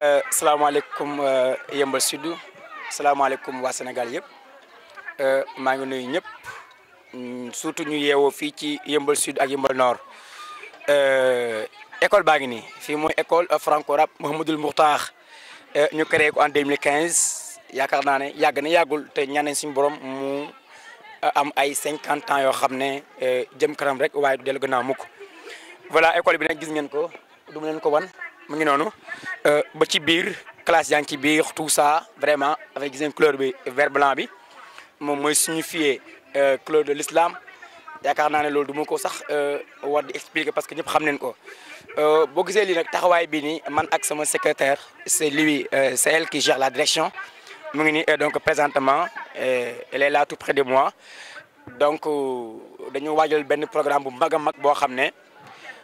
Euh, salaamaaleykum euh, Yeumbeul Sud salaamaaleykum waa Sénégal yëpp euh, maa ngi nuyu ñëpp mm, surtout ñu yeewoo fii ci yëmbal Sud ak Yeumbeul Nord école baa ngi nii fii mooy école franco-arabe Mouhamadoul Moukhtar ñu créé ko en 2015 yaakaar naa ne yàgg na yàggul te ñaan nañ suñu borom mu am ay 50 ans yoo xam ne jëm karam rek waaye du dellu gannaaw mukk voilà école bi na gis ngeen ko du leen ko wan. mu ngi euh ba ci bir classe yaa ci biir tout ça vraiment avec gis couleur bi vert blanc bi mom moy signifier euh, couleur de l'islam yaakaar naa ne loolu du ko sax euh, war di expliquer parce que ñep xam nañ ko euh, bo gisé li nak taxaway bi ni man ak sama secrétaire c'est lui c'est elle qui gère la direction mu ni donc présentement elle est là tout près de moi donc dañu waajal ben programme bu m'agamak a mag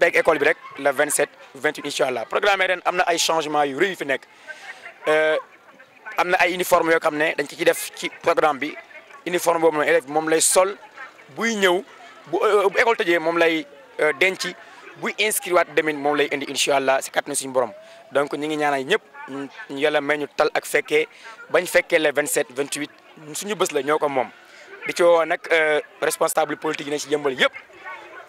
ci école bi rek le 27 28 incha allah programme ren am na ay changement yu rëy yu fi nekk euh, am na ay uniforme yoo xam ne dañ ko ci def ci programme bi uniforme boobu noonu élève bi moom lay sol buy ñëw bu euh, bu école tëjee moom lay euh, denc buy inscrit waat demin moom lay indi incha allah si kàttanu suñu borom donc ñu ngi ñaanal ñëpp ñu yàlla may ñu tal ak fekkee bañ fekkee le 27 28 suñu bës la ñëw ko moom di ci woo nag responsable politique yi nañ si jëmbal yëpp.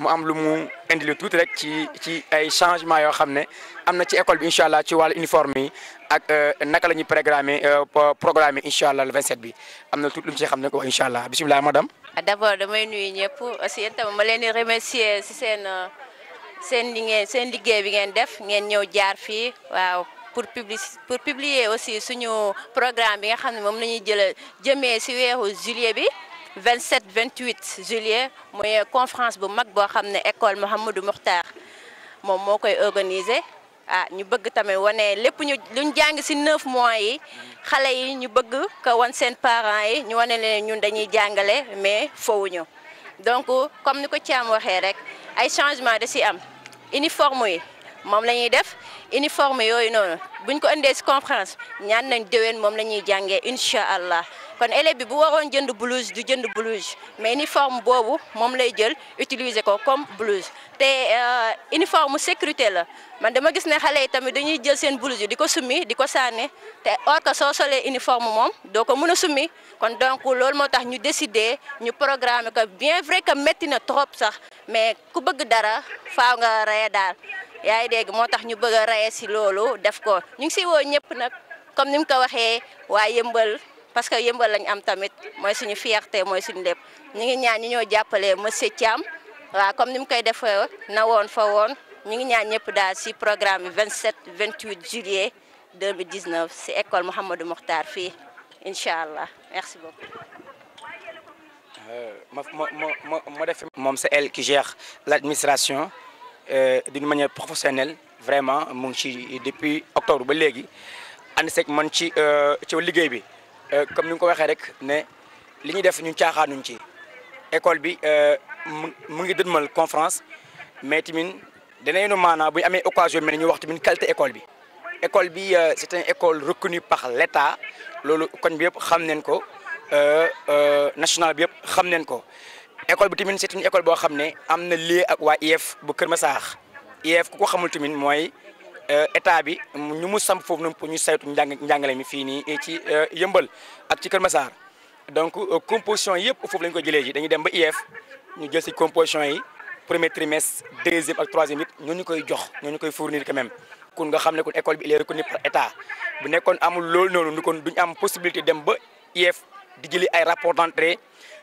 mu am lu mu indi lu tuuti rek ci ci ay changement yoo xam ne am na ci école bi incha allah ci wàllu uniforme bi ak euh, naka la programme programmer euh, programmer incha allah le bi am na tout lu mu ci xam ne ko incha allah bisimilah madame. Ah, d'abord damay nuyu ñëpp aussi yéen tamit ma leen remercier si seen seen li seen liggéey bi ngeen def ngeen ñëw jaar fii waaw. pour publi pour publier aussi suñu programme bi nga xam ne moom la ñuy jëlee jëmee si weeru juillet bi. 27 28 juillet moy conférence bu mag bo xamné école Mouhamadou Moukhtar mom moo koy organiser ah ñu bëgg tamé wane lépp ñu luñ jàng ci 9 mois yi xalé yi ñu bëgg ko won sen parents yi ñu wane leen ñun dañuy jàngale mais ñu donc comme niko ci am waxé rek ay changement da ci am uniforme yi mom lañuy def uniforme yoy non buñ ko andé si conférence ñaan nañ déwén mom lañuy inshallah kon bu jënd blouse du jënd mais uniforme lay jël comme blouse euh, uniforme sécurité la man dama gis tamit dañuy jël blouse que uniforme mom, donc ñu décider bien vrai que metti na trop sax mais ku bëgg dara yaay deg dégg tax ñu bëgg a ci lolu def ko ñu ngi ci wo ñepp nak comme nim ko waxé wa yëmbal parce que yëmbal lañ am tamit moy suñu fierté moy suñu lepp ñi ngi ñaan ñu ñoo jappalé monsieur Thiam wa comme nim koy defee na won fa won ñi ngi ñaan ñepp da si programme 27 28 juillet 2019 si école Mouhamadou Mokhtar fi inshallah allah merci beaucoup. Euh, ma ma ma ma def moom c'est elle qui gère l'administration Euh, d'une manière professionnelle vraiment mu ci depuis octobre ba léegi ànd seeg man ci euh, ci liggéey bi euh, comme ni nga ko waxee rek ne li def ñun caaxaanuñ ci école bi mu ngi dënmal conférence mais tamit danañu maanaam bu ñu amee occasion mel ni ñu wax tamit qualité école bi. école bi c'est un école reconnue par l'État loolu koñ bi yëpp xam neen ko national bi yëpp xam neen ko école bi tamit c'est une école boo xam amna lié ak wa IF bu keur Masar IF ku ko xamul tamit mooy euh, état bi ñu mu sam fofu ñu ñu saytu njàng njàngale mi fii nii ci euh, yëmbal ak ci keur Masar donc euh, composition yépp fofu lañ ko jëlé ji dañuy dem ba IF ñu jël ci composition yi premier trimestre deuxième ak troisième nit ñoo ñu koy jox ñoo ñu koy fournir quand même. kun nga xam kun école bi il est reconnu par état bu nekkon amul lool nonu ñu kon duñ am possibilité dem ba IF di jëli ay rapport d'entrée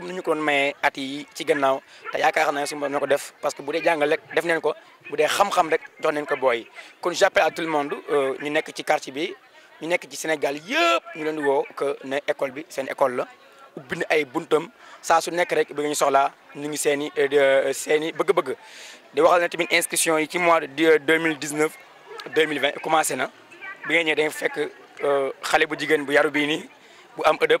comme ni ñu ko doon at yi ci gannaaw ta yaakaar na suñu borom ko def parce que boudé jàngal rek def nañ ko boudé xam-xam rek jox nañ ko boy kon j'appelle à tout le monde euh, ñu nekk ci quartier bi ñu nekk ci Sénégal yépp ñu leen di que né école bi seen école la ubbi ay buntam sa su nekk rek bëgg ñu soxla ñu ngi seen i euh, euh, bëgg-bëgg di waxal na tamit inscription yi ci mois de 2019 2020 commencé na bi nga ñëwee dañu fekk xalé bu jigen bu yaru bii bu am ëdëb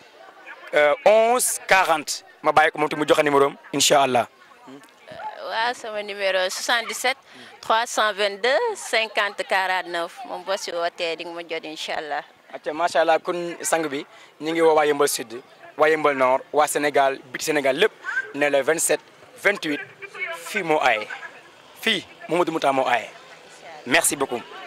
11 euh, 40 ma bàyyi ko moom tamit joxe numéro inshallah euh, wa sama numéro 77 322 50 49 mom boo si wootee di nga ma jot incha allah. acca macha allah kon sang bi ñi ngi woo waa Sud waa Yëmbal Nord wa Sénégal bit Sénégal lépp né le 27 28 fi mo ay fi momadou Mouta moo aaye merci beaucoup.